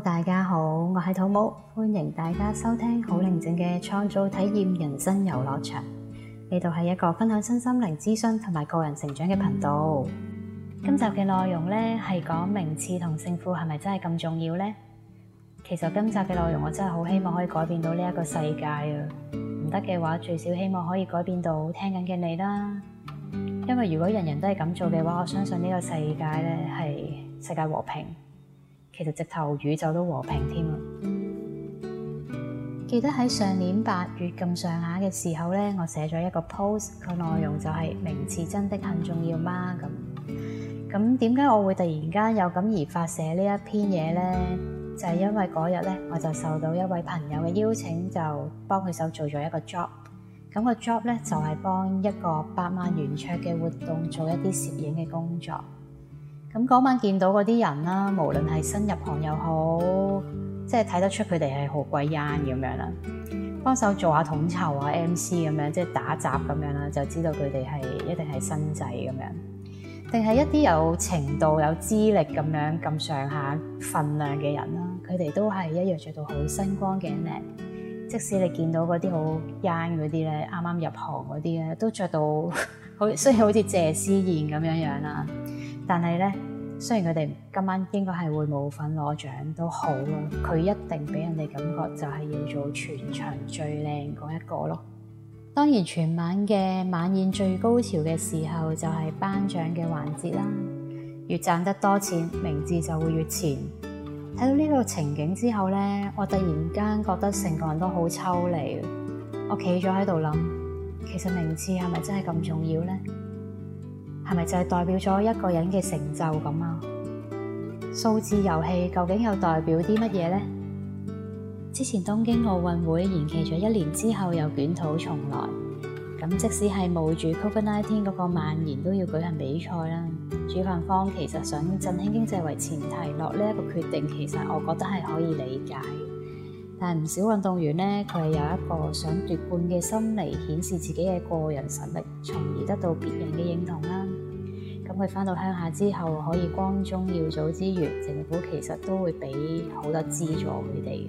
大家好，我係土木，歡迎大家收聽好寧靜嘅創造體驗人生遊樂場。呢度係一個分享身心靈諮詢同埋個人成長嘅頻道。嗯、今集嘅內容呢，係講名次同勝負係咪真係咁重要呢？其實今集嘅內容我真係好希望可以改變到呢一個世界啊！唔得嘅話，最少希望可以改變到聽緊嘅你啦。因為如果人人都係咁做嘅話，我相信呢個世界咧係世界和平。其實直頭宇宙都和平添啊！記得喺上年八月咁上下嘅時候咧，我寫咗一個 post，個內容就係、是、名次真的很重要嗎？咁咁點解我會突然間有感而發寫呢一篇嘢呢？就係、是、因為嗰日咧，我就受到一位朋友嘅邀請，就幫佢手做咗一個 job。咁個 job 咧就係、是、幫一個百萬圓桌嘅活動做一啲攝影嘅工作。咁嗰晚見到嗰啲人啦，無論係新入行又好，即係睇得出佢哋係好鬼 young 咁樣啦，幫手做下統籌啊、MC 咁樣，即係打雜咁樣啦，就知道佢哋係一定係新仔咁樣，定係一啲有程度、有資歷咁樣咁上下份量嘅人啦，佢哋都係一樣着到好新光頸領，即使你見到嗰啲好 young 嗰啲咧，啱啱入行嗰啲咧，都着到 好，雖然好似謝思燕咁樣樣啦。但係咧，雖然佢哋今晚應該係會冇份攞獎都好咯，佢一定俾人哋感覺就係要做全場最靚嗰一個咯。當然，全晚嘅晚宴最高潮嘅時候就係頒獎嘅環節啦。越賺得多錢，名次就會越前。睇到呢個情景之後咧，我突然間覺得成個人都好抽離。我企咗喺度諗，其實名次係咪真係咁重要呢？係咪就係代表咗一個人嘅成就咁啊？數字遊戲究竟又代表啲乜嘢呢？之前東京奧運會延期咗一年之後又捲土重來，咁即使係冒住 Covid-19 嗰個蔓延都要舉行比賽啦。主辦方其實想振興經濟為前提落呢一個決定，其實我覺得係可以理解。但係唔少運動員呢，佢係有一個想奪冠嘅心理，顯示自己嘅個人實力，從而得到別人嘅認同啦。佢翻到鄉下之後，可以光宗耀祖之餘，政府其實都會俾好多資助佢哋嘅。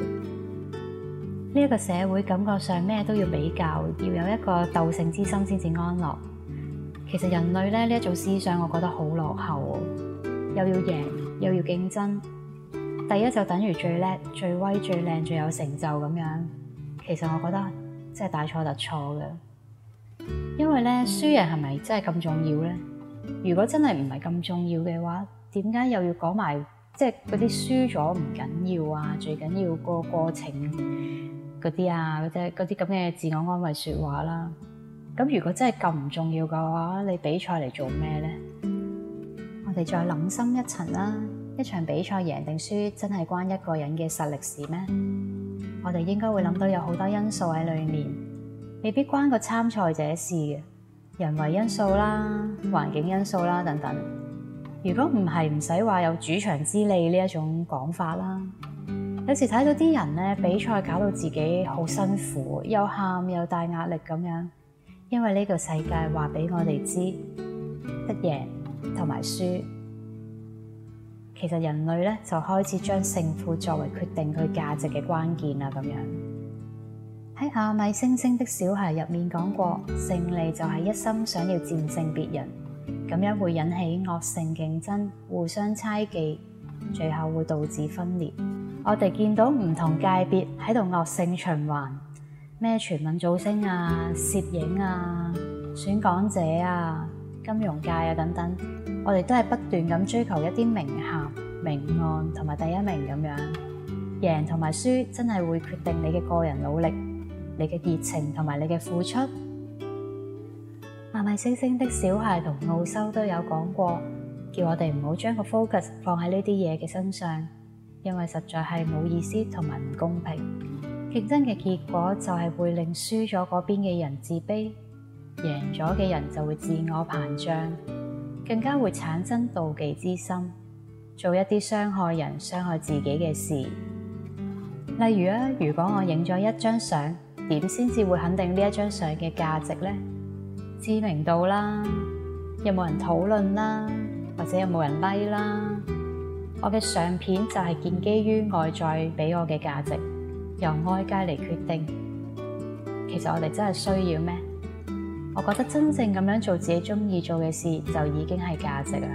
呢一個社會感覺上咩都要比較，要有一個鬥性之心先至安樂。其實人類咧，呢一種思想，我覺得好落後，又要贏，又要競爭。第一就等於最叻、最威、最靚、最有成就咁樣。其實我覺得即係大錯特錯嘅，因為咧輸贏係咪真係咁重要咧？如果真係唔係咁重要嘅話，點解又要講埋即係嗰啲輸咗唔緊要啊？最緊要個過程嗰啲啊，嗰啲咁嘅自我安慰說話啦。咁如果真係咁唔重要嘅話，你比賽嚟做咩呢？ 我哋再諗深一層啦，一場比賽贏定輸，真係關一個人嘅實力事咩？我哋應該會諗到有好多因素喺裏面，未必關個參賽者事嘅。人為因素啦，環境因素啦，等等。如果唔係，唔使話有主場之利呢一種講法啦。有時睇到啲人咧，比賽搞到自己好辛苦，又喊又大壓力咁樣，因為呢個世界話俾我哋知得贏，同埋輸，其實人類咧就開始將勝負作為決定佢價值嘅關鍵啦咁樣。喺《阿米星星的小孩》入面講過，勝利就係一心想要戰勝別人，咁樣會引起惡性競爭，互相猜忌，最後會導致分裂。 我哋見到唔同界別喺度惡性循環，咩全民造星啊、攝影啊、選港姐啊、金融界啊等等，我哋都係不斷咁追求一啲名校、名案同埋第一名咁樣，贏同埋輸真係會決定你嘅個人努力，你嘅熱情同埋你嘅付出，慢、啊、慢星星的小孩同奧修都有講過，叫我哋唔好將個 focus 放喺呢啲嘢嘅身上，因為實在係冇意思同埋唔公平。競爭嘅結果就係會令輸咗嗰邊嘅人自卑，贏咗嘅人就會自我膨脹，更加會產生妒忌之心，做一啲傷害人、傷害自己嘅事。例如咧，如果我影咗一張相。點先至會肯定呢一張相嘅價值呢？知名度啦，有冇人討論啦，或者有冇人 like 啦？我嘅相片就係建基於外在俾我嘅價值，由外界嚟決定。其實我哋真係需要咩？我覺得真正咁樣做自己中意做嘅事，就已經係價值啦。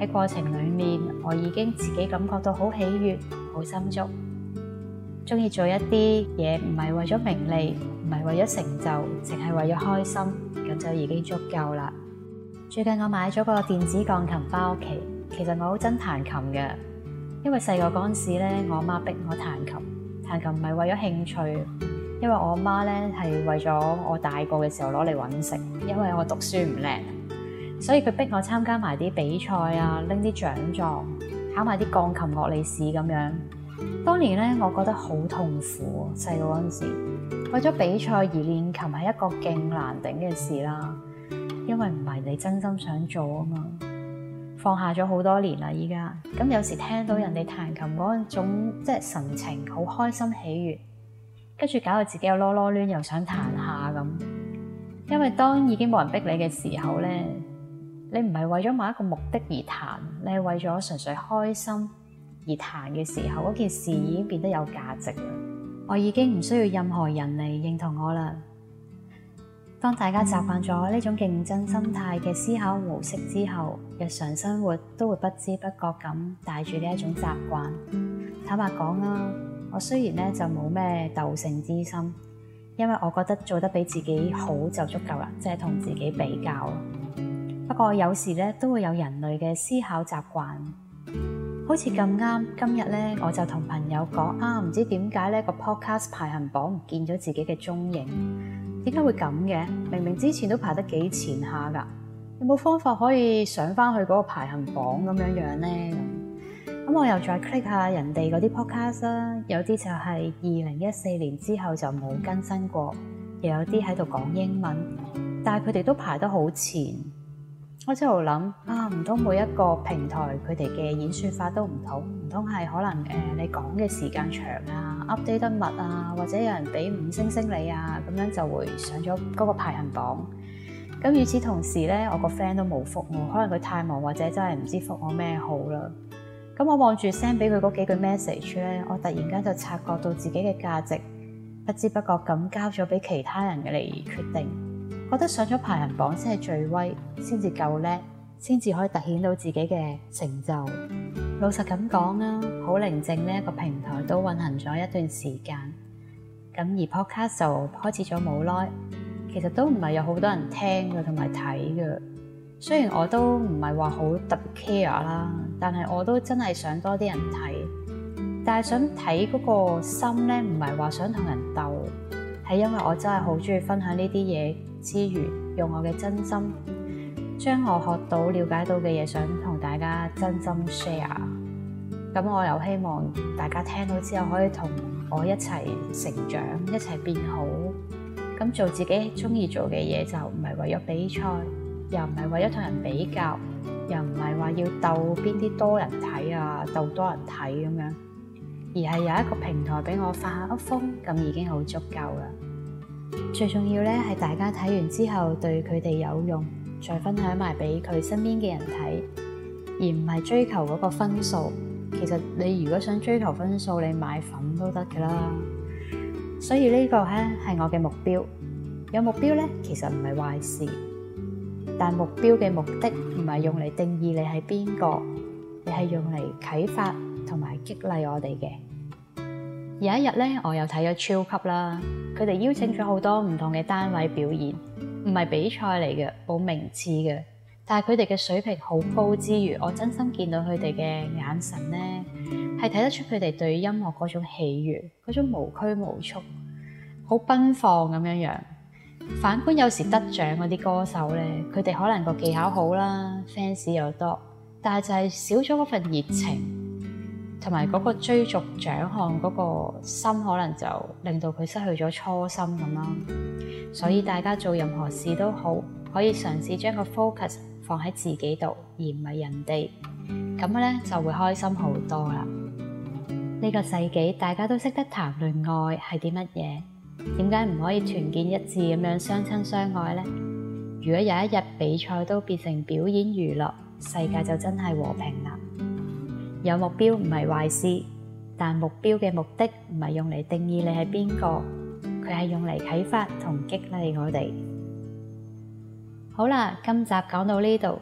喺過程裡面，我已經自己感覺到好喜悅，好心足。中意做一啲嘢唔係為咗名利，唔係為咗成就，淨係為咗開心，咁就已經足夠啦。最近我買咗個電子鋼琴翻屋企，其實我好憎彈琴嘅，因為細個嗰陣時咧，我阿媽逼我彈琴，彈琴唔係為咗興趣，因為我阿媽咧係為咗我大個嘅時候攞嚟搵食，因為我讀書唔叻，所以佢逼我參加埋啲比賽啊，拎啲獎狀，考埋啲鋼琴樂理試咁樣。當年咧，我覺得好痛苦。細個嗰陣時，為咗比賽而練琴係一個勁難頂嘅事啦。因為唔係你真心想做啊嘛，放下咗好多年啦。依家咁有時聽到人哋彈琴嗰種即係神情好開心喜悅，跟住搞到自己又囉囉攣，又想彈下咁。因為當已經冇人逼你嘅時候咧，你唔係為咗某一個目的而彈，你係為咗純粹開心而行嘅時候，嗰件事已經變得有價值啦。我已經唔需要任何人嚟認同我啦。當大家習慣咗呢種競爭心態嘅思考模式之後，日常生活都會不知不覺咁帶住呢一種習慣。坦白講啦，我雖然咧就冇咩鬥勝之心，因為我覺得做得比自己好就足夠啦，即係同自己比較。不過有時咧都會有人類嘅思考習慣。好似咁啱，今日咧我就同朋友講啊，唔知點解咧個 podcast 排行榜唔見咗自己嘅蹤影，點解會咁嘅？明明之前都排得幾前下噶，有冇方法可以上翻去嗰個排行榜咁樣樣咧？咁我又再 click 下人哋嗰啲 podcast 啦，有啲就係二零一四年之後就冇更新過，又有啲喺度講英文，但係佢哋都排得好前。.我之後諗啊，唔通每一個平台佢哋嘅演算法都唔同，唔通係可能誒、呃、你講嘅時間長啊，update 得密啊，或者有人俾五星星你啊，咁樣就會上咗嗰個排行榜。咁與此同時咧，我個 friend 都冇覆我，可能佢太忙或者真係唔知覆我咩好啦。咁我望住 send 俾佢嗰幾句 message 咧，我突然間就察覺到自己嘅價值，不知不覺咁交咗俾其他人嘅嚟決定。覺得上咗排行榜先係最威，先至夠叻，先至可以凸顯到自己嘅成就。老實咁講啦，好靈靜呢一個平台都運行咗一段時間。咁而 Podcast 就開始咗冇耐，其實都唔係有好多人聽嘅同埋睇嘅。雖然我都唔係話好特別 care 啦，但係我都真係想多啲人睇。但係想睇嗰個心咧，唔係話想同人鬥，係因為我真係好中意分享呢啲嘢。之餘用我嘅真心，將我學到了解到嘅嘢想同大家真心 share。咁我又希望大家聽到之後可以同我一齊成長，一齊變好。咁做自己中意做嘅嘢就唔係為咗比賽，又唔係為咗同人比較，又唔係話要鬥邊啲多人睇啊，鬥多人睇咁樣，而係有一個平台俾我發下一封，咁已經好足夠啦。最重要咧，係大家睇完之後對佢哋有用，再分享埋俾佢身邊嘅人睇，而唔係追求嗰個分數。其實你如果想追求分數，你買粉都得噶啦。所以呢個咧，係我嘅目標。有目標咧，其實唔係壞事。但目標嘅目的唔係用嚟定義你係邊個，而係用嚟啟發同埋激勵我哋嘅。有一日呢，我又睇咗超級啦。佢哋邀請咗好多唔同嘅單位表演，唔係比賽嚟嘅，冇名次嘅。但係佢哋嘅水平好高之餘，我真心見到佢哋嘅眼神呢，係睇得出佢哋對於音樂嗰種喜悅，嗰種無拘無束，好奔放咁樣樣。反觀有時得獎嗰啲歌手呢，佢哋可能個技巧好啦，fans 又多，但係就係少咗嗰份熱情。同埋嗰個追逐獎項嗰個心，可能就令到佢失去咗初心咁啦。所以大家做任何事都好，可以嘗試將個 focus 放喺自己度，而唔係人哋咁咧，就會開心好多啦。呢個世紀大家都識得談戀愛係啲乜嘢，點解唔可以團結一致咁樣相親相愛呢？如果有一日比賽都變成表演娛樂，世界就真係和平啦。有目標唔係壞事，但目標嘅目的唔係用嚟定義你係邊個，佢係用嚟啟發同激勵我哋。好啦，今集講到呢度。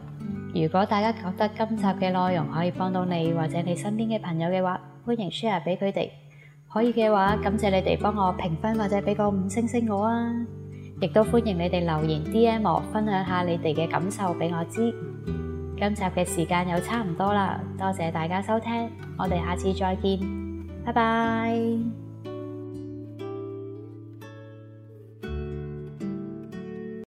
如果大家覺得今集嘅內容可以幫到你或者你身邊嘅朋友嘅話，歡迎 share 俾佢哋。可以嘅話，感謝你哋幫我評分或者俾個五星星我啊。亦都歡迎你哋留言 DM 我，分享下你哋嘅感受俾我知。今集嘅時間又差唔多啦，多謝大家收聽，我哋下次再見，拜拜。